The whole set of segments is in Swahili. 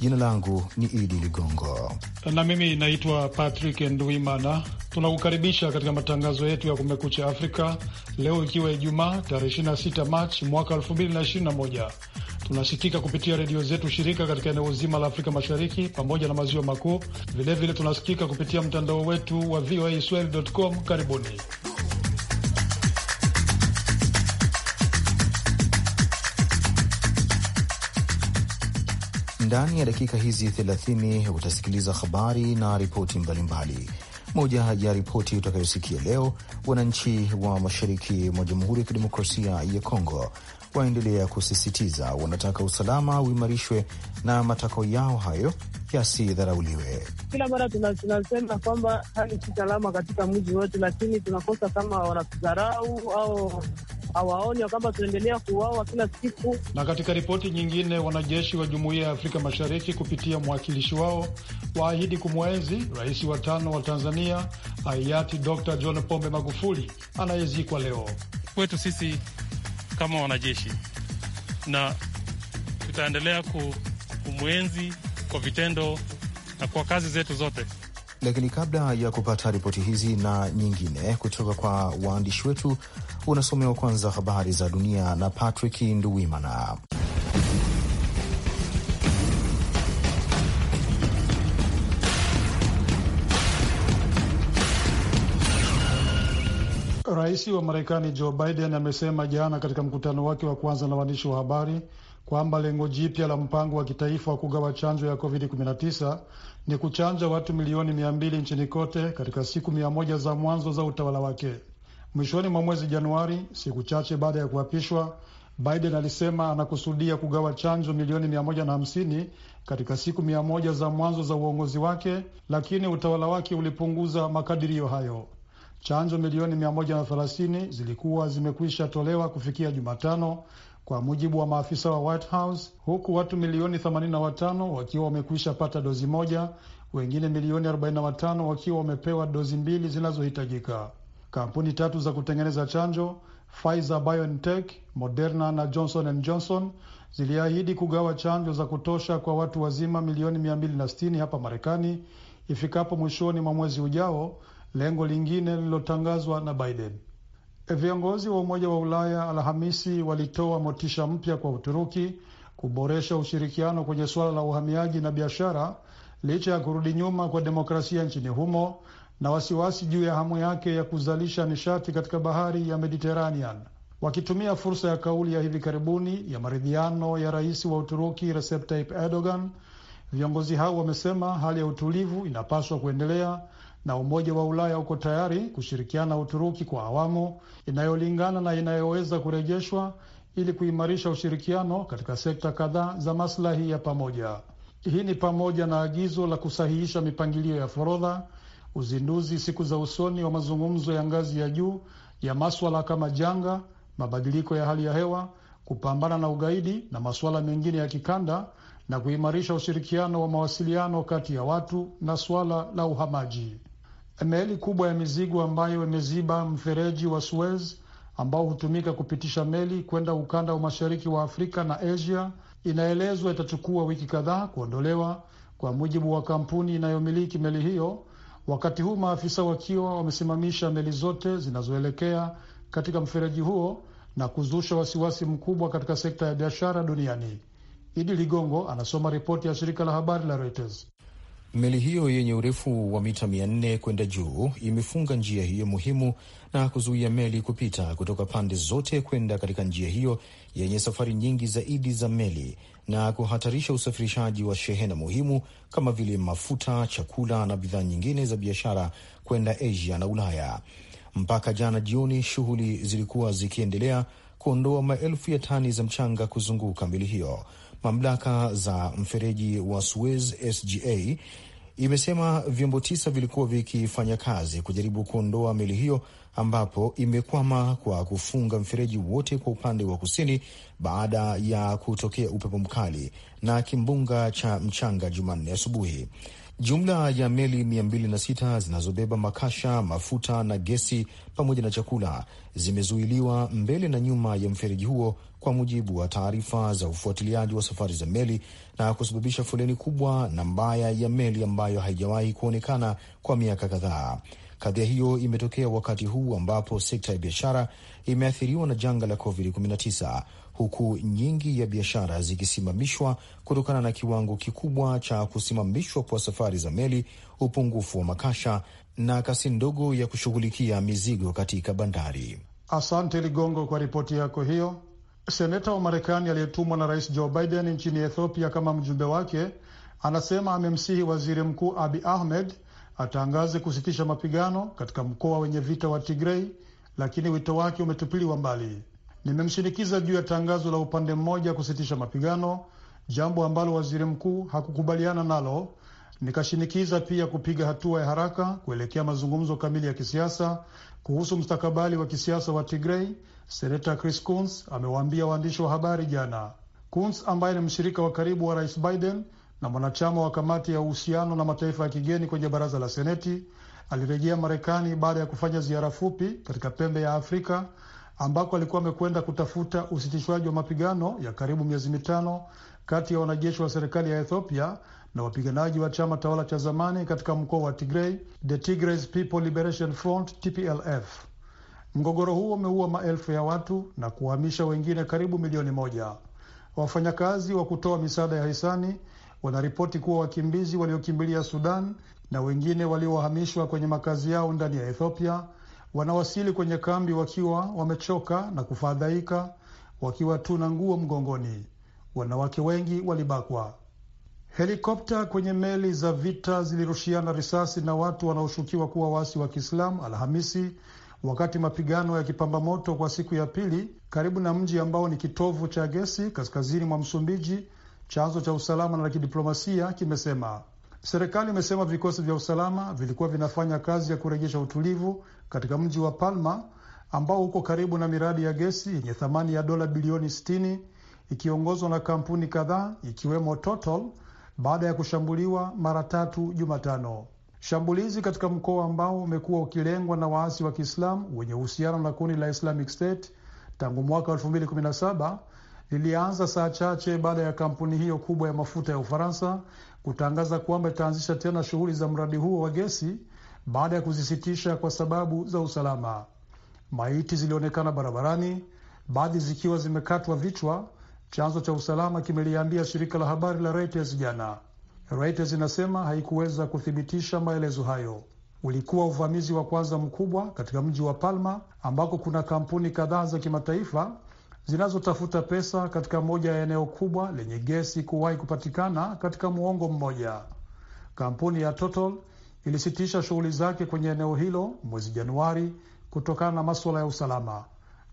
Jina langu ni Idi Ligongo na mimi naitwa Patrick Ndwimana. Tunakukaribisha katika matangazo yetu ya Kumekucha Afrika leo, ikiwa Ijumaa tarehe 26 Machi mwaka 2021. Tunasikika kupitia redio zetu shirika katika eneo zima la Afrika Mashariki pamoja na maziwa makuu. Vilevile tunasikika kupitia mtandao wetu wa voa voaswahili.com. Karibuni. Ndani ya dakika hizi 30 utasikiliza habari na ripoti mbalimbali. Moja ya ripoti utakayosikia leo, wananchi wa mashariki mwa Jamhuri ya Kidemokrasia ya Kongo waendelea kusisitiza wanataka usalama uimarishwe na matakwa yao hayo yasidharauliwe. Kila mara tunasema kwamba hali si salama katika mji wote, lakini tunakosa kama wanatudharau au awaoni kwamba tunaendelea kuuawa kila siku. Na katika ripoti nyingine, wanajeshi wa Jumuiya ya Afrika Mashariki kupitia mwakilishi wao waahidi kumwenzi rais wa tano wa Tanzania hayati Dr. John Pombe Magufuli anayezikwa leo. Kwetu sisi kama wanajeshi, na tutaendelea kumwenzi kwa vitendo na kwa kazi zetu zote. Lakini kabla ya kupata ripoti hizi na nyingine kutoka kwa waandishi wetu, unasomewa kwanza habari za dunia na Patrick Nduwimana. Rais wa Marekani Joe Biden amesema jana katika mkutano wake wa kwanza na waandishi wa habari kwamba lengo jipya la mpango wa kitaifa wa kugawa chanjo ya COVID-19 ni kuchanja watu milioni mia mbili nchini kote katika siku mia moja za mwanzo za utawala wake. Mwishoni mwa mwezi Januari, siku chache baada ya kuapishwa, Biden alisema anakusudia kugawa chanjo milioni mia moja na hamsini katika siku mia moja za mwanzo za uongozi wake, lakini utawala wake ulipunguza makadirio hayo. Chanjo milioni mia moja na thelathini zilikuwa zimekwisha tolewa kufikia Jumatano, kwa mujibu wa maafisa wa White House, huku watu milioni 85 wakiwa wamekwisha pata dozi moja, wengine milioni 45 wakiwa wamepewa dozi mbili zinazohitajika. Kampuni tatu za kutengeneza chanjo Pfizer BioNTech, Moderna na Johnson and Johnson ziliahidi kugawa chanjo za kutosha kwa watu wazima milioni 260 hapa Marekani ifikapo mwishoni mwa mwezi ujao, lengo lingine lililotangazwa na Biden. Viongozi wa Umoja wa Ulaya Alhamisi walitoa motisha mpya kwa Uturuki kuboresha ushirikiano kwenye suala la uhamiaji na biashara licha ya kurudi nyuma kwa demokrasia nchini humo na wasiwasi juu ya hamu yake ya kuzalisha nishati katika bahari ya Mediteranean. Wakitumia fursa ya kauli ya hivi karibuni ya maridhiano ya rais wa Uturuki Recep Tayyip Erdogan, viongozi hao wamesema hali ya utulivu inapaswa kuendelea na Umoja wa Ulaya uko tayari kushirikiana na Uturuki kwa awamu inayolingana na inayoweza kurejeshwa ili kuimarisha ushirikiano katika sekta kadhaa za maslahi ya pamoja. Hii ni pamoja na agizo la kusahihisha mipangilio ya forodha, uzinduzi siku za usoni wa mazungumzo ya ngazi ya juu ya maswala kama janga, mabadiliko ya hali ya hewa, kupambana na ugaidi na masuala mengine ya kikanda na kuimarisha ushirikiano wa mawasiliano kati ya watu na suala la uhamaji meli kubwa ya mizigo ambayo imeziba mfereji wa Suez ambao hutumika kupitisha meli kwenda ukanda wa mashariki wa Afrika na Asia inaelezwa itachukua wiki kadhaa kuondolewa, kwa mujibu wa kampuni inayomiliki meli hiyo, wakati huu maafisa wakiwa wamesimamisha meli zote zinazoelekea katika mfereji huo na kuzusha wasiwasi mkubwa katika sekta ya biashara duniani. Idi Ligongo anasoma ripoti ya shirika la habari la Reuters. Meli hiyo yenye urefu wa mita 400 kwenda juu imefunga njia hiyo muhimu na kuzuia meli kupita kutoka pande zote kwenda katika njia hiyo yenye safari nyingi zaidi za meli na kuhatarisha usafirishaji wa shehena muhimu kama vile mafuta, chakula na bidhaa nyingine za biashara kwenda Asia na Ulaya. Mpaka jana jioni, shughuli zilikuwa zikiendelea kuondoa maelfu ya tani za mchanga kuzunguka meli hiyo. Mamlaka za mfereji wa Suez SGA imesema vyombo tisa vilikuwa vikifanya kazi kujaribu kuondoa meli hiyo ambapo imekwama kwa kufunga mfereji wote kwa upande wa kusini baada ya kutokea upepo mkali na kimbunga cha mchanga Jumanne asubuhi. Jumla ya meli 206 zinazobeba makasha, mafuta na gesi pamoja na chakula zimezuiliwa mbele na nyuma ya mfereji huo kwa mujibu wa taarifa za ufuatiliaji wa safari za meli na kusababisha foleni kubwa na mbaya ya meli ambayo haijawahi kuonekana kwa miaka kadhaa. Kadhia hiyo imetokea wakati huu ambapo sekta ya biashara imeathiriwa na janga la COVID-19 huku nyingi ya biashara zikisimamishwa kutokana na kiwango kikubwa cha kusimamishwa kwa safari za meli, upungufu wa makasha na kasi ndogo ya kushughulikia mizigo katika bandari. Asante Ligongo kwa ripoti yako hiyo. Seneta wa Marekani aliyetumwa na Rais Joe Biden nchini Ethiopia kama mjumbe wake anasema amemsihi Waziri Mkuu Abi Ahmed atangaze kusitisha mapigano katika mkoa wenye vita wa Tigrei, lakini wito wake umetupiliwa mbali. Nimemshinikiza juu ya tangazo la upande mmoja kusitisha mapigano, jambo ambalo waziri mkuu hakukubaliana nalo. Nikashinikiza pia kupiga hatua ya haraka kuelekea mazungumzo kamili ya kisiasa kuhusu mstakabali wa kisiasa wa Tigrei Senata Chris Coons amewaambia waandishi wa habari jana. Coons ambaye ni mshirika wa karibu wa Rais Biden na mwanachama wa kamati ya uhusiano na mataifa ya kigeni kwenye baraza la Seneti alirejea Marekani baada ya kufanya ziara fupi katika pembe ya Afrika ambako alikuwa amekwenda kutafuta usitishwaji wa mapigano ya karibu miezi mitano kati ya wanajeshi wa serikali ya Ethiopia na wapiganaji wa chama tawala cha zamani katika mkoa wa tigrey the Tigray People Liberation Front TPLF. Mgogoro huo umeua maelfu ya watu na kuhamisha wengine karibu milioni moja. Wafanyakazi wa kutoa misaada ya hisani wanaripoti kuwa wakimbizi waliokimbilia Sudan na wengine waliohamishwa kwenye makazi yao ndani ya Ethiopia wanawasili kwenye kambi wakiwa wamechoka na kufadhaika, wakiwa tu na nguo mgongoni. Wanawake wengi walibakwa. Helikopta kwenye meli za vita zilirushiana risasi na watu wanaoshukiwa kuwa waasi wa Kiislamu Alhamisi wakati mapigano kipamba moto kwa siku ya pili karibu na mji ambao ni kitovu cha gesi kaskazini mwa Msumbiji. Chanzo cha usalama na kidiplomasia kimesema. Serikali imesema vikosi vya usalama vilikuwa vinafanya kazi ya kurejesha utulivu katika mji wa Palma ambao uko karibu na miradi ya gesi yenye thamani ya dola bilioni 60 ikiongozwa na kampuni kadhaa ikiwemo Total baada ya kushambuliwa mara tatu Jumatano. Shambulizi katika mkoa ambao umekuwa ukilengwa na waasi wa Kiislamu wenye uhusiano na kundi la Islamic State tangu mwaka 2017 lilianza saa chache baada ya kampuni hiyo kubwa ya mafuta ya Ufaransa kutangaza kwamba itaanzisha tena shughuli za mradi huo wa gesi baada ya kuzisitisha kwa sababu za usalama. Maiti zilionekana barabarani, baadhi zikiwa zimekatwa vichwa, chanzo cha usalama kimeliambia shirika la habari la Reuters jana. Reuters inasema haikuweza kuthibitisha maelezo hayo. Ulikuwa uvamizi wa kwanza mkubwa katika mji wa Palma ambako kuna kampuni kadhaa za kimataifa zinazotafuta pesa katika moja ya eneo kubwa lenye gesi kuwahi kupatikana katika muongo mmoja. Kampuni ya Total ilisitisha shughuli zake kwenye eneo hilo mwezi Januari kutokana na maswala ya usalama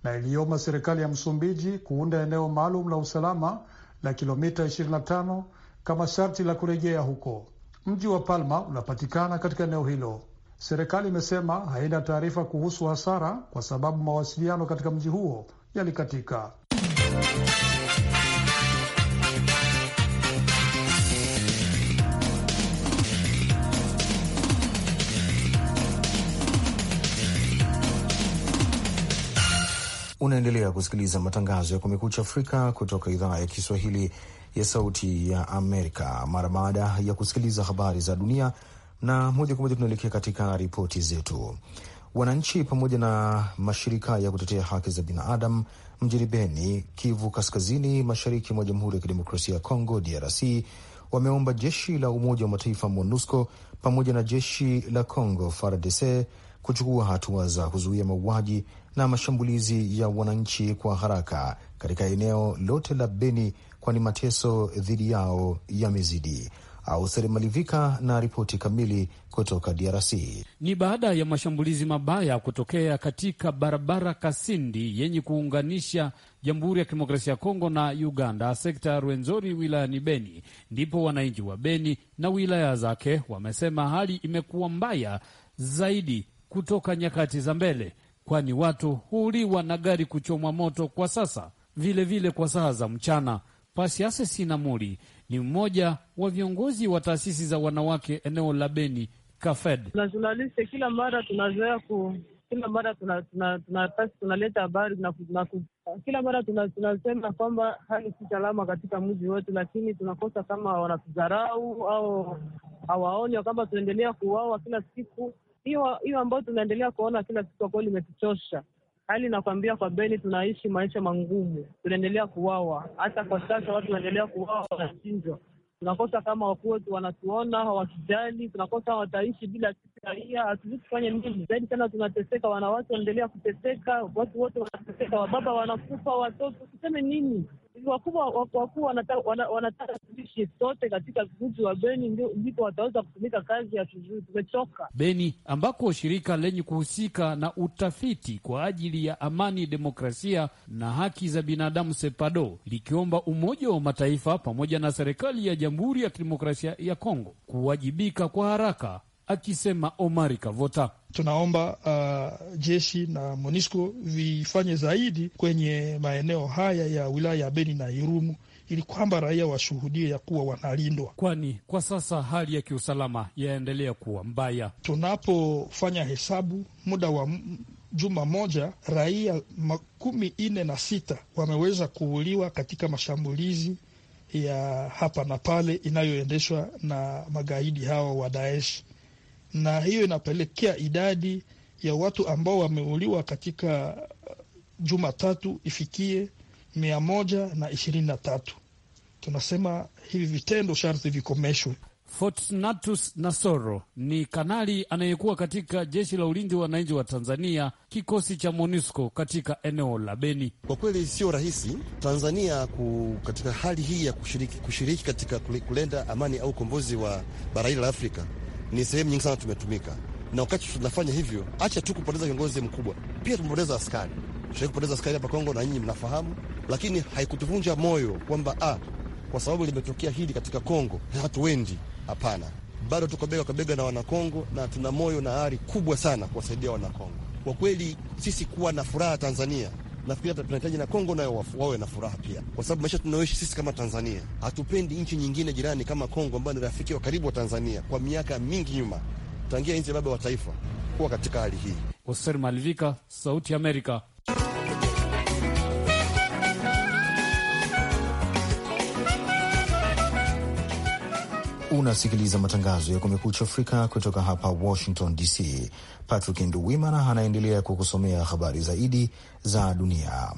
na iliomba serikali ya Msumbiji kuunda eneo maalum la usalama la kilomita 25 kama sharti la kurejea huko. Mji wa Palma unapatikana katika eneo hilo. Serikali imesema haina taarifa kuhusu hasara kwa sababu mawasiliano katika mji huo yalikatika. Unaendelea kusikiliza matangazo ya Kumekucha Afrika kutoka idhaa ya Kiswahili ya Sauti ya Amerika mara baada ya kusikiliza habari za dunia. Na moja kwa moja tunaelekea katika ripoti zetu. Wananchi pamoja na mashirika ya kutetea haki za binadamu mjini Beni, Kivu Kaskazini, mashariki mwa Jamhuri ya Kidemokrasia ya Kongo, DRC, wameomba jeshi la Umoja wa Mataifa MONUSCO pamoja na jeshi la congo FARDC kuchukua hatua za kuzuia mauaji na mashambulizi ya wananchi kwa haraka katika eneo lote la Beni, kwani mateso dhidi yao yamezidi. Auseri Malivika na ripoti kamili kutoka DRC. Ni baada ya mashambulizi mabaya kutokea katika barabara Kasindi yenye kuunganisha Jamhuri ya Kidemokrasia ya Kongo na Uganda, sekta ya Rwenzori wilayani Beni, ndipo wananchi wa Beni na wilaya zake wamesema hali imekuwa mbaya zaidi kutoka nyakati za mbele kwani watu huuliwa na gari kuchomwa moto kwa sasa, vilevile vile kwa saa za mchana. Pasiase muri ni mmoja wa viongozi wa taasisi za wanawake eneo la Beni Kafed. kila mara tunazoea ku kila mara tunaleta habari kila mara tunasema kwamba hali si salama katika mji wetu, lakini tunakosa kama wanatudharau au hawaoni kwamba tunaendelea kuuawa kila siku hiyo hiyo ambayo tunaendelea kuona kila siku, kwa kweli imetuchosha. Hali nakwambia kwa Beni tunaishi maisha mangumu, tunaendelea kuwawa. Hata kwa sasa watu wanaendelea kuwawa, wanachinjwa. Tunakosa kama wakuu wetu wanatuona hawakijali, tunakosa wataishi bila sisi raia, hatuwezi kufanya nini zaidi sana, tunateseka, wanawake wanaendelea kuteseka, watu wote wanateseka, wababa wanakufa, watoto tuseme nini? wakubwa wakuu wanataka tuishi sote katika mji wa Beni, ndipo wataweza kutumika kazi ya vizuri. Tumechoka Beni, ambako shirika lenye kuhusika na utafiti kwa ajili ya amani, demokrasia na haki za binadamu SEPADO likiomba Umoja wa Mataifa pamoja na serikali ya Jamhuri ya Kidemokrasia ya Kongo kuwajibika kwa haraka, akisema Omari Kavota tunaomba uh, jeshi na MONUSCO vifanye zaidi kwenye maeneo haya ya wilaya ya Beni na Irumu ili kwamba raia washuhudie ya kuwa wanalindwa, kwani kwa sasa hali ya kiusalama yaendelea kuwa mbaya. Tunapofanya hesabu muda wa juma moja raia makumi nne na sita wameweza kuuliwa katika mashambulizi ya hapa na pale inayoendeshwa na magaidi hawa wa Daesh na hiyo inapelekea idadi ya watu ambao wameuliwa katika uh, Jumatatu ifikie mia moja na ishirini na tatu. Tunasema hivi vitendo sharti vikomeshwe. Fortunatus Nasoro ni kanali anayekuwa katika jeshi la ulinzi wa wananchi wa Tanzania, kikosi cha MONUSCO katika eneo la Beni. Kwa kweli sio rahisi Tanzania ku, katika hali hii ya kushiriki, kushiriki katika kulenda amani au ukombozi wa bara hili la Afrika ni sehemu nyingi sana tumetumika, na wakati tunafanya hivyo, acha tu kupoteza kiongozi mkubwa, pia tumepoteza askari. Tushai kupoteza askari hapa Kongo na nyinyi mnafahamu, lakini haikutuvunja moyo kwamba ah, kwa sababu limetokea hili katika Kongo hatuendi. Hapana, bado tuko bega kwa bega na Wanakongo na tuna moyo na ari kubwa sana kuwasaidia Wanakongo. Kwa kweli sisi kuwa na furaha Tanzania nafikiri tunahitaji na Kongo nayo wawe na furaha pia, kwa sababu maisha tunayoishi sisi kama Tanzania, hatupendi nchi nyingine jirani kama Kongo ambayo ni rafiki wa karibu wa Tanzania kwa miaka mingi nyuma, tangia nchi ya baba wa taifa, kuwa katika hali hii. Hoser Malivika, Sauti ya Amerika, Unasikiliza matangazo ya Kumekucha Afrika kutoka hapa Washington DC. Patrick Nduwimana anaendelea kukusomea habari zaidi za dunia.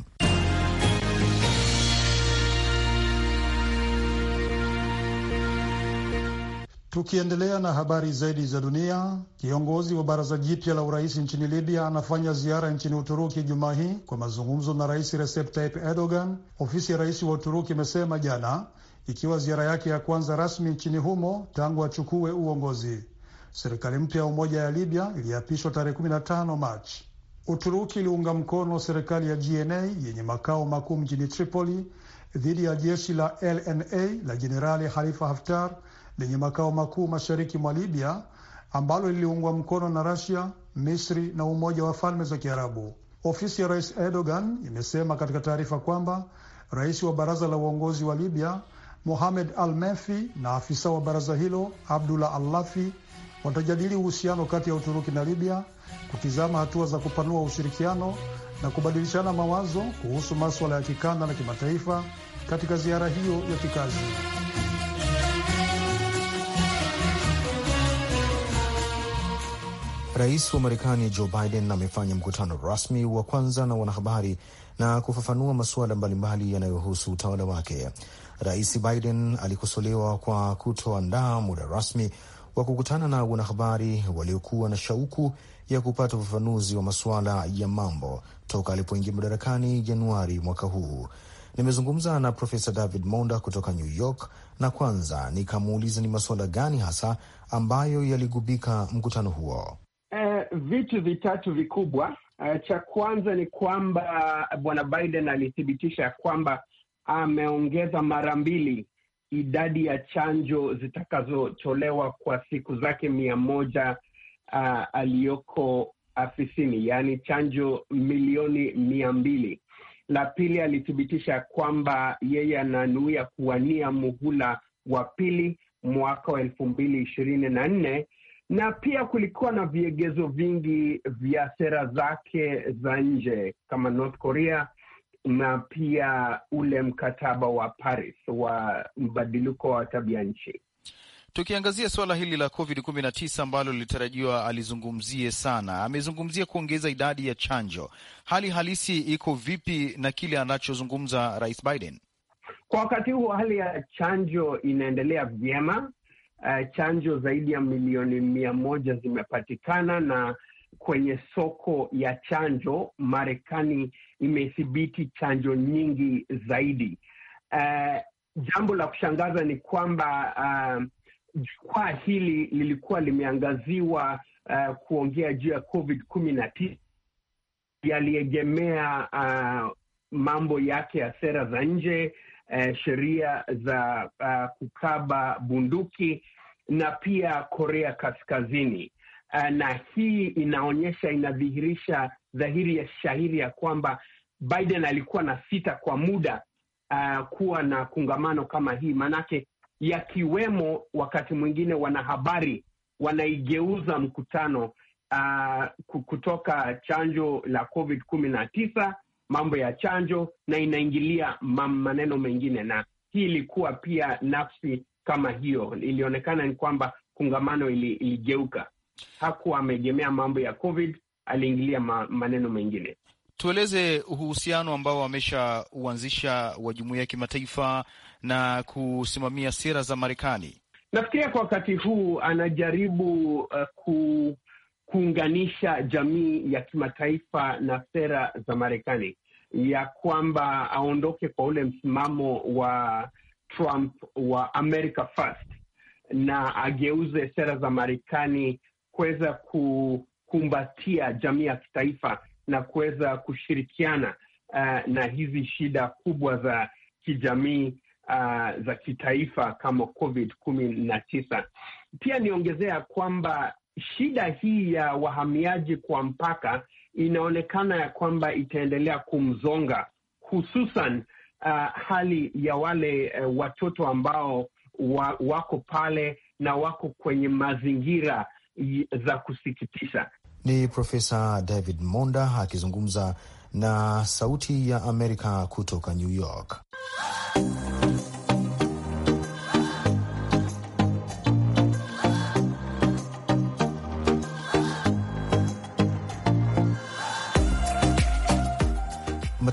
Tukiendelea na habari zaidi za dunia, kiongozi wa baraza jipya la urais nchini Libya anafanya ziara nchini Uturuki Jumaa hii kwa mazungumzo na Rais Recep Tayyip Erdogan, ofisi ya rais wa Uturuki imesema jana ikiwa ziara yake ya kwanza rasmi nchini humo tangu achukue uongozi. Serikali mpya ya umoja ya Libya iliapishwa tarehe 15 Machi. Uturuki iliunga mkono serikali ya GNA yenye makao makuu mjini Tripoli dhidi ya jeshi la LNA la Jenerali halifa Haftar lenye makao makuu mashariki mwa Libya ambalo liliungwa mkono na Rasia, Misri na Umoja wa Falme za Kiarabu. Ofisi ya Rais Erdogan imesema katika taarifa kwamba rais wa baraza la uongozi wa Libya Mohamed Al-Menfi na afisa wa baraza hilo Abdullah Al-Lafi watajadili uhusiano kati ya Uturuki na Libya, kutizama hatua za kupanua ushirikiano na kubadilishana mawazo kuhusu maswala ya kikanda na kimataifa katika ziara hiyo ya kikazi. Rais wa Marekani Joe Biden amefanya mkutano rasmi wa kwanza na wanahabari na kufafanua masuala mbalimbali yanayohusu utawala wake. Rais Biden alikosolewa kwa kutoandaa muda rasmi wa kukutana na wanahabari waliokuwa na shauku ya kupata ufafanuzi wa masuala ya mambo toka alipoingia madarakani Januari mwaka huu. Nimezungumza na Profesa David Monda kutoka New York na kwanza nikamuuliza ni masuala gani hasa ambayo yaligubika mkutano huo. Uh, vitu vitatu vikubwa. Uh, cha kwanza ni kwamba bwana Biden alithibitisha kwamba ameongeza mara mbili idadi ya chanjo zitakazotolewa kwa siku zake mia moja uh, aliyoko afisini, yaani chanjo milioni mia mbili. La pili, alithibitisha kwamba yeye ananuia kuwania muhula wa pili mwaka wa elfu mbili ishirini na nne na pia kulikuwa na viegezo vingi vya sera zake za nje kama North Korea na pia ule mkataba wa Paris wa mbadiliko wa tabia nchi. Tukiangazia suala hili la COVID 19 ambalo lilitarajiwa alizungumzie sana, amezungumzia kuongeza idadi ya chanjo. Hali halisi iko vipi na kile anachozungumza Rais Biden kwa wakati huu? Hali ya chanjo inaendelea vyema. Uh, chanjo zaidi ya milioni mia moja zimepatikana na kwenye soko ya chanjo, Marekani imethibiti chanjo nyingi zaidi. Uh, jambo la kushangaza ni kwamba uh, jukwaa hili lilikuwa limeangaziwa uh, kuongea juu ya COVID kumi na tisa, yaliegemea uh, mambo yake ya sera za nje uh, sheria za uh, kukaba bunduki na pia Korea Kaskazini. Eh, na hii inaonyesha, inadhihirisha dhahiri ya shahiri ya kwamba Biden alikuwa na sita kwa muda uh, kuwa na kungamano kama hii, maanake yakiwemo wakati mwingine wanahabari wanaigeuza mkutano uh, kutoka chanjo la COVID kumi na tisa, mambo ya chanjo na inaingilia maneno mengine, na hii ilikuwa pia nafsi kama hiyo, ilionekana ni kwamba kungamano iligeuka hakuwa ameegemea mambo ya COVID, aliingilia ma maneno mengine. Tueleze uhusiano ambao ameshauanzisha wa jumuiya ya kimataifa na kusimamia sera za Marekani. Nafikiria kwa wakati huu anajaribu uh, ku, kuunganisha jamii ya kimataifa na sera za Marekani, ya kwamba aondoke kwa ule msimamo wa Trump wa America First na ageuze sera za Marekani kuweza kukumbatia jamii ya kitaifa na kuweza kushirikiana uh, na hizi shida kubwa za kijamii uh, za kitaifa kama COVID kumi na tisa. Pia niongezea kwamba shida hii ya wahamiaji kwa mpaka inaonekana ya kwamba itaendelea kumzonga hususan uh, hali ya wale uh, watoto ambao wa, wako pale na wako kwenye mazingira za kusikitisha. Ni Profesa David Monda akizungumza na Sauti ya Amerika kutoka New York.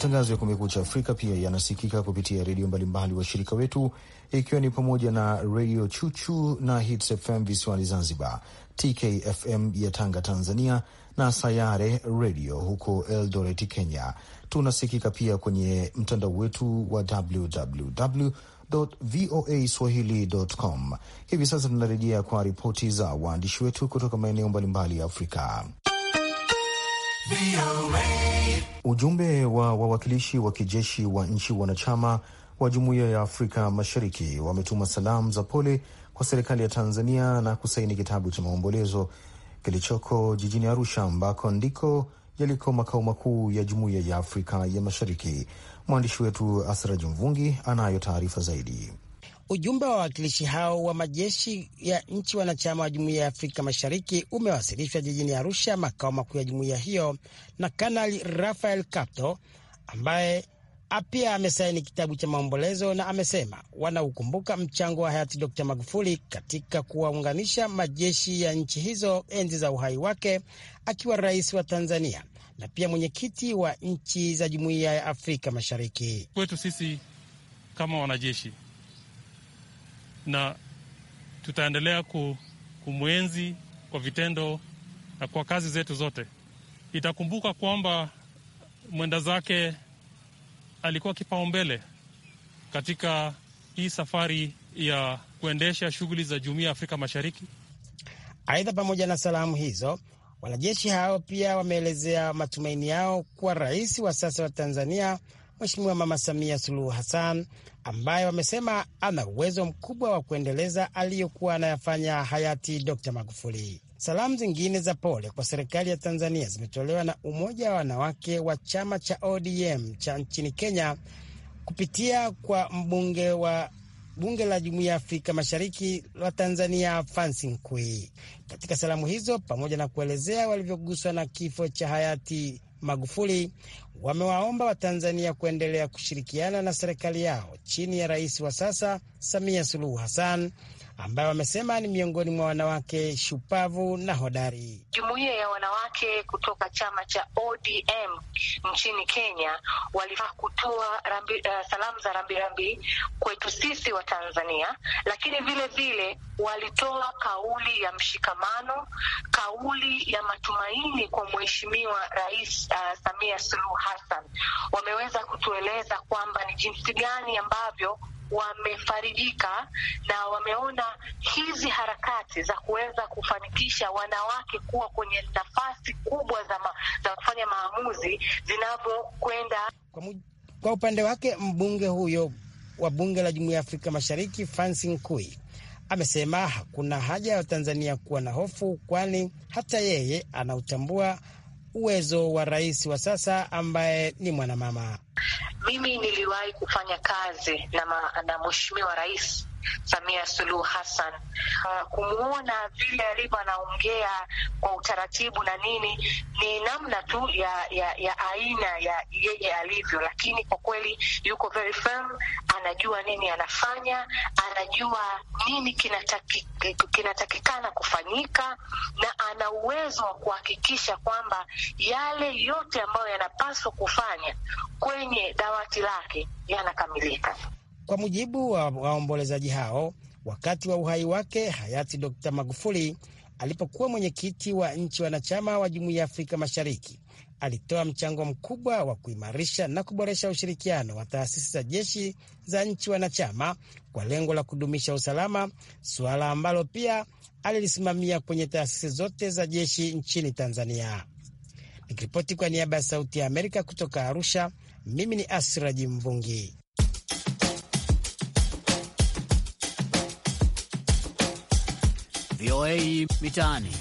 Matangazo ya Kumekucha Afrika pia yanasikika kupitia redio mbalimbali washirika wetu, ikiwa ni pamoja na Redio Chuchu na Hits FM visiwani Zanzibar, TKFM ya Tanga, Tanzania, na Sayare Redio huko Eldoret, Kenya. Tunasikika pia kwenye mtandao wetu wa www voa swahili.com. Hivi sasa tunarejea kwa ripoti za waandishi wetu kutoka maeneo mbalimbali ya Afrika. Ujumbe wa wawakilishi wa kijeshi wa nchi wanachama wa Jumuiya ya Afrika Mashariki wametuma salamu za pole kwa serikali ya Tanzania na kusaini kitabu cha maombolezo kilichoko jijini Arusha, ambako ndiko yaliko makao makuu ya Jumuiya ya Afrika ya Mashariki. Mwandishi wetu Asra Jumvungi anayo taarifa zaidi. Ujumbe wa wawakilishi hao wa majeshi ya nchi wanachama wa jumuiya ya Afrika Mashariki umewasilishwa jijini Arusha, makao makuu ya jumuiya hiyo, na Kanali Rafael Capto ambaye pia amesaini kitabu cha maombolezo na amesema wanaukumbuka mchango wa hayati Dr. Magufuli katika kuwaunganisha majeshi ya nchi hizo enzi za uhai wake akiwa rais wa Tanzania na pia mwenyekiti wa nchi za jumuiya ya Afrika Mashariki. Kwetu sisi kama wanajeshi na tutaendelea kumwenzi kwa vitendo na kwa kazi zetu zote. Itakumbuka kwamba mwenda zake alikuwa kipaumbele katika hii safari ya kuendesha shughuli za Jumuiya ya Afrika Mashariki. Aidha, pamoja na salamu hizo, wanajeshi hao pia wameelezea matumaini yao kuwa rais wa sasa wa Tanzania Mheshimiwa Mama Samia Suluhu Hassan, ambaye wamesema ana uwezo mkubwa wa kuendeleza aliyokuwa anayafanya hayati Dr. Magufuli. Salamu zingine za pole kwa serikali ya Tanzania zimetolewa na Umoja wa Wanawake wa chama cha ODM cha nchini Kenya kupitia kwa mbunge wa bunge la Jumuiya ya Afrika Mashariki la Tanzania, Fancy Nkui. Katika salamu hizo, pamoja na kuelezea walivyoguswa na kifo cha hayati Magufuli, wamewaomba Watanzania kuendelea kushirikiana na serikali yao chini ya rais wa sasa Samia Suluhu Hassan ambayo wamesema ni miongoni mwa wanawake shupavu na hodari. Jumuiya ya wanawake kutoka chama cha ODM nchini Kenya walifaa kutoa rambi, uh, salamu za rambirambi kwetu sisi wa Tanzania, lakini vile vile walitoa kauli ya mshikamano, kauli ya matumaini kwa Mheshimiwa Rais uh, Samia Suluhu Hassan. Wameweza kutueleza kwamba ni jinsi gani ambavyo wamefarijika na wameona hizi harakati za kuweza kufanikisha wanawake kuwa kwenye nafasi kubwa za, ma, za kufanya maamuzi zinavyokwenda. Kwa, kwa upande wake mbunge huyo wa bunge la Jumuiya ya Afrika Mashariki Fancy Nkui amesema hakuna haja ya Tanzania kuwa na hofu, kwani hata yeye anautambua uwezo wa rais wa sasa ambaye ni mwanamama. Mimi niliwahi kufanya kazi na, na mheshimiwa rais Samia Suluhu Hassan. Uh, ah, kumwona vile alivyo anaongea kwa utaratibu na nini, ni namna tu ya, ya, ya aina ya yeye alivyo, lakini kwa kweli yuko very firm, anajua nini anafanya, anajua nini kinataki, kinatakikana kufanyika na ana uwezo wa kuhakikisha kwamba yale yote ambayo yanapaswa kufanya kwenye dawati lake yanakamilika. Kwa mujibu wa waombolezaji hao, wakati wa uhai wake hayati d Magufuli alipokuwa mwenyekiti wa nchi wanachama wa Jumuiya ya Afrika Mashariki alitoa mchango mkubwa wa kuimarisha na kuboresha ushirikiano wa taasisi za jeshi za nchi wanachama kwa lengo la kudumisha usalama, suala ambalo pia alilisimamia kwenye taasisi zote za jeshi nchini Tanzania. Nikiripoti kwa niaba ya Sauti ya Amerika kutoka Arusha, mimi ni Asraji Mvungi. VOA Mitaani.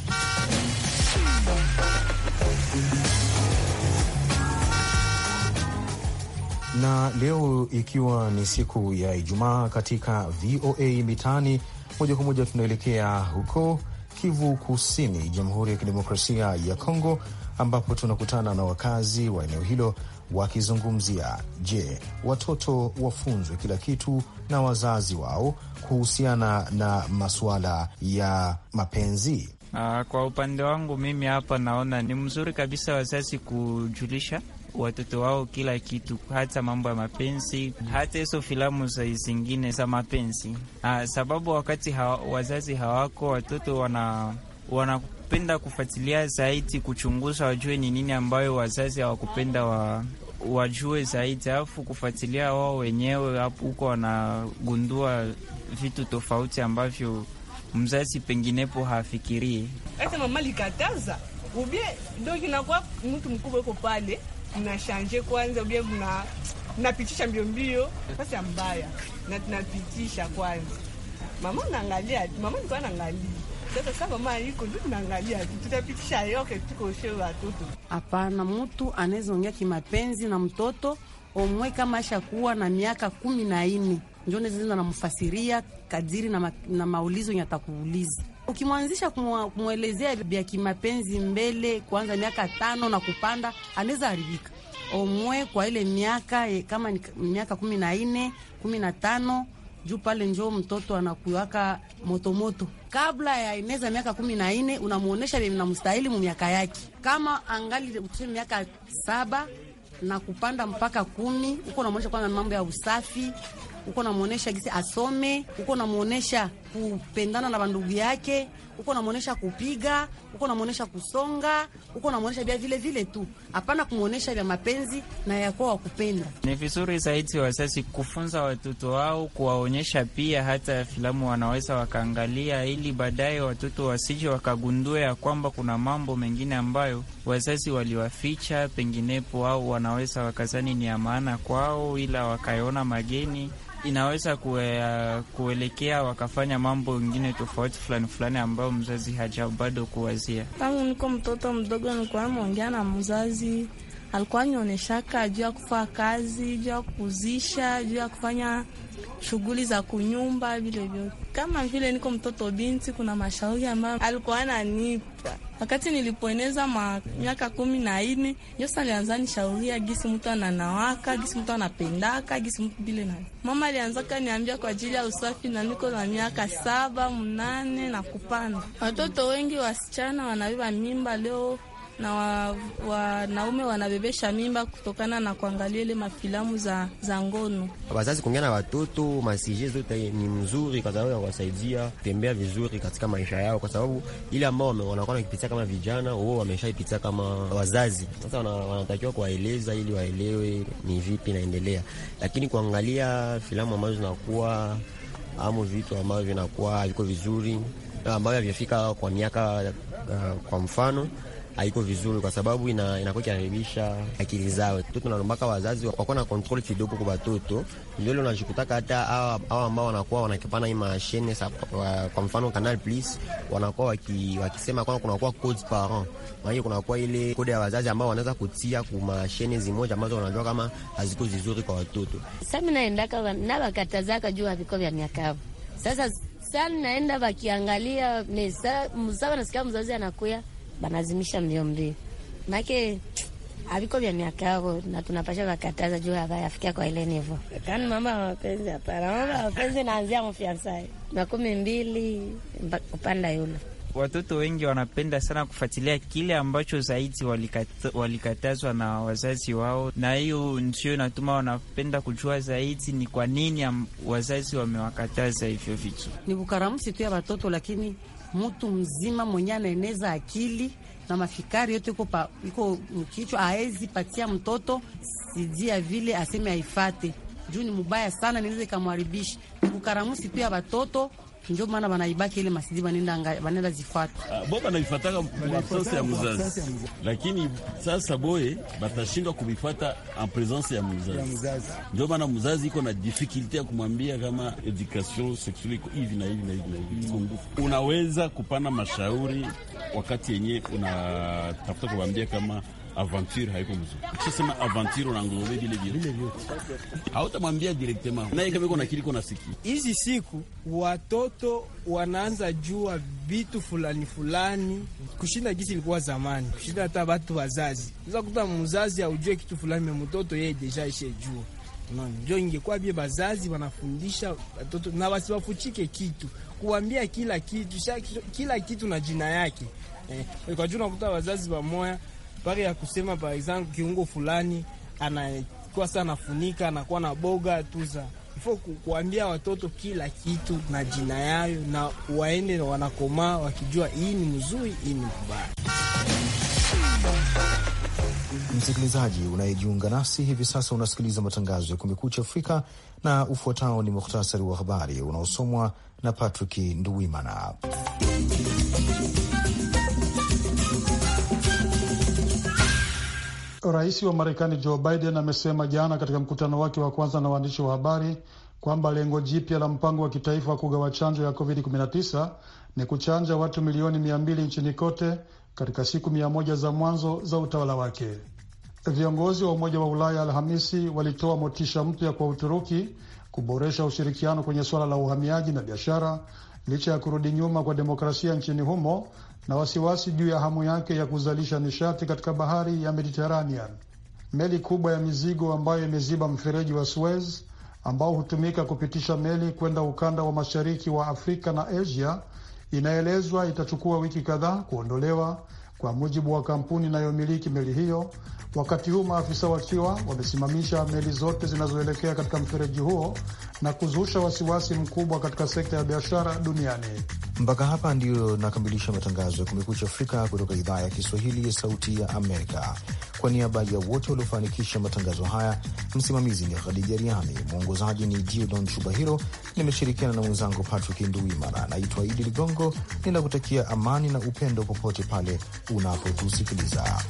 Na leo ikiwa ni siku ya Ijumaa, katika VOA Mitaani moja kwa moja tunaelekea huko Kivu Kusini, Jamhuri ya Kidemokrasia ya Kongo, ambapo tunakutana na wakazi wa eneo hilo wakizungumzia, je, watoto wafunzwe kila kitu na wazazi wao kuhusiana na masuala ya mapenzi? Aa, ah, kwa upande wangu mimi hapa naona ni mzuri kabisa wazazi kujulisha watoto wao kila kitu, hata mambo ya mapenzi, hata hizo filamu za zingine za mapenzi. Aa, ah, sababu wakati hawa, wazazi hawako, watoto wana wanapenda kufuatilia zaidi, kuchunguza, wajue ni nini ambayo wazazi hawakupenda wa wajue zaidi, alafu kufuatilia wao wenyewe hapo huko wanagundua vitu tofauti ambavyo mzazi penginepo hafikirii. Hata mama likataza ubie ndo kinakuwa mtu mkubwa uko pale, mnashanje kwanza ubie mna napitisha mbio mbio nafasi mbaya na tunapitisha kwanza. Mama naangalia, mama nikuwa naangalia sasa kama mama yuko ndio tunaangalia tutapitisha watoto. Hapana, mtu anaweza ongea kimapenzi na mtoto omwe kama ashakuwa na miaka kumi na nne njo na namfasiria kadiri na, ma, na maulizo yenye Ukimwanzisha kumwelezea vya kimapenzi mbele kuanza miaka tano na kupanda, anaweza haribika omwe kwa ile miaka eh, kama miaka kumi na ine kumi na tano juu pale njo mtoto anakuwaka motomoto kabla ya ineza miaka kumi na nne unamwonyesha vile namstahili mu miaka yake. Kama angali tuseme miaka saba na kupanda mpaka kumi, huko, namuonesha kwanza mambo ya usafi, huko namuonesha gisi asome, huko namuonesha kupendana na bandugu yake, uko namuonesha kupiga, uko namuonesha kusonga, uko namuonesha vya vile vile tu, hapana kumuonesha vya mapenzi na yakuwa wakupenda. Ni vizuri zaidi wazazi kufunza watoto wao, kuwaonyesha pia hata filamu wanaweza wakaangalia, ili baadaye watoto wasije wakagundua ya kwamba kuna mambo mengine ambayo wazazi waliwaficha, penginepo au wanaweza wakazani ni ya maana kwao, ila wakaona mageni, inaweza kue, uh, kuelekea wakafanya mambo ingine tofauti fulani fulani ambayo mzazi haja bado kuwazia. Tangu niko mtoto mdogo, nikuwa naongea na mzazi alikuwa nionyeshaka juu ya kufaa kazi, juu ya kuzisha, juu ya kufanya shughuli za kunyumba, vile vyote. Kama vile niko mtoto binti, kuna mashauri ambayo alikuwa ananipa wakati nilipoeneza miaka kumi na nne. Yosa alianza nishauria gisi mtu ananawaka, gisi mtu anapendaka, gisi mtu bile na mama alianza kaniambia kwa ajili ya usafi, na niko na miaka saba mnane na kupanda. Watoto wengi wasichana wanabeba mimba leo na wanaume wa, wanabebesha mimba kutokana na kuangalia ile mafilamu za, za ngono. Wazazi kuongea na watoto masije zote ni mzuri, kwa sababu yakuwasaidia tembea vizuri katika maisha yao, kwa sababu ile ambao wanakuwa wakipitia kama vijana wao wameshaipitia kama wazazi. Sasa wanatakiwa kuwaeleza ili waelewe ni vipi naendelea, lakini kuangalia filamu ambazo zinakuwa amu vitu ambavyo vinakuwa haviko vizuri ambavyo havijafika kwa miaka uh, kwa mfano haiko vizuri, kwa sababu inakuwa inaharibisha akili zao. nalombaka wazazi wakuwa na kontrol kidogo kwa watoto, ndio leo najikutaka hata hao ambao wanakuwa wanakipana hii mashine, kwa mfano Canal Plus wanakuwa waki, wakisema kwamba kunakuwa codes parent, maana kunakuwa ile kode ya wazazi ambao wanaweza kutia kwa mashine zimoja ambazo wanajua kama haziko vizuri kwa watoto. Sasa naendaka na wakatazaka juu viko vya miaka sasa sana naenda wakiangalia msawa, nasikia mzazi anakuya banazimisha mbio mbio, make aviko vya miaka yao na tunapasha vakataza juu yafikia kwa ile nivo. Kani mama mapenzi hapana, mama mapenzi naanzia mfiansae makumi mbili kupanda yule watoto wengi wanapenda sana kufuatilia kile ambacho zaidi walikata, walikatazwa na wazazi wao, na hiyo ndio inatuma wanapenda kujua zaidi ni kwa nini wazazi wamewakataza hivyo vitu. Ni ukaramusi tu ya watoto, lakini mtu mzima mwenye anaeneza akili na mafikari yote iko iko mkichwa, aezi patia mtoto sijia vile aseme aifate juu ni mubaya sana, niweza ikamwharibisha nikukaramusi pia watoto njo maana wanaibaki ile masidi wanaenda zifuata ah, bo banaifataka absence ya mzazi, lakini sasa boye batashindwa kubifata en presence ya mzazi. Njo maana mzazi iko na difficulty ya kumwambia kama education sexuelle iko hivi na hivi na hivi na hivi mm. Unaweza kupana mashauri wakati yenye unatafuta kumwambia kama aventure haiko mzuri. Ukisema aventure na ngulove vile vile. Hautamwambia directement. Na kama iko na kiliko na siki. Hizi siku watoto wanaanza jua vitu fulani fulani kushinda jinsi ilikuwa zamani. Kushinda hata watu wazazi. Unaweza kuta mzazi aujue kitu fulani na mtoto yeye deja ishejua. Ndio ingekuwa bie bazazi wanafundisha watoto na wasiwafuchike kitu, kuwambia kila kitu, kila kitu na jina yake. Eh, kwa juu nakuta wazazi wamoya mpaka ya kusema par exemple kiungo fulani anakuwa sana anafunika anakuwa na boga tuza ifo kuambia watoto kila kitu na jina yayo, na waende na wanakomaa wakijua hii ni mzuri, hii ni mbaya. Msikilizaji unayejiunga nasi hivi sasa, unasikiliza matangazo ya Kumekucha Afrika na ufuatao ni muhtasari wa habari unaosomwa na Patrick Nduwimana. Rais wa Marekani Joe Biden amesema jana katika mkutano wake wa kwanza na waandishi wa habari kwamba lengo jipya la mpango wa kitaifa wa kugawa chanjo ya COVID-19 ni kuchanja watu milioni mia mbili nchini kote katika siku mia moja za mwanzo za utawala wake. Viongozi wa Umoja wa Ulaya Alhamisi walitoa motisha mpya kwa Uturuki kuboresha ushirikiano kwenye suala la uhamiaji na biashara licha ya kurudi nyuma kwa demokrasia nchini humo na wasiwasi juu ya hamu yake ya kuzalisha nishati katika bahari ya Mediterranean. Meli kubwa ya mizigo ambayo imeziba mfereji wa Suez ambao hutumika kupitisha meli kwenda ukanda wa mashariki wa Afrika na Asia inaelezwa itachukua wiki kadhaa kuondolewa, kwa mujibu wa kampuni inayomiliki meli hiyo, wakati huu maafisa wakiwa wamesimamisha meli zote zinazoelekea katika mfereji huo na kuzusha wasiwasi mkubwa katika sekta ya biashara duniani. Mpaka hapa ndiyo nakamilisha matangazo ya Kumekucha Afrika kutoka idhaa ya Kiswahili ya Sauti ya Amerika. Kwa niaba ya wote waliofanikisha matangazo haya, msimamizi ni Khadija Riami, mwongozaji ni jiodon Shubahiro. Nimeshirikiana na mwenzangu Patrick nduimara Naitwa Idi Ligongo, ninakutakia amani na upendo popote pale unapotusikiliza.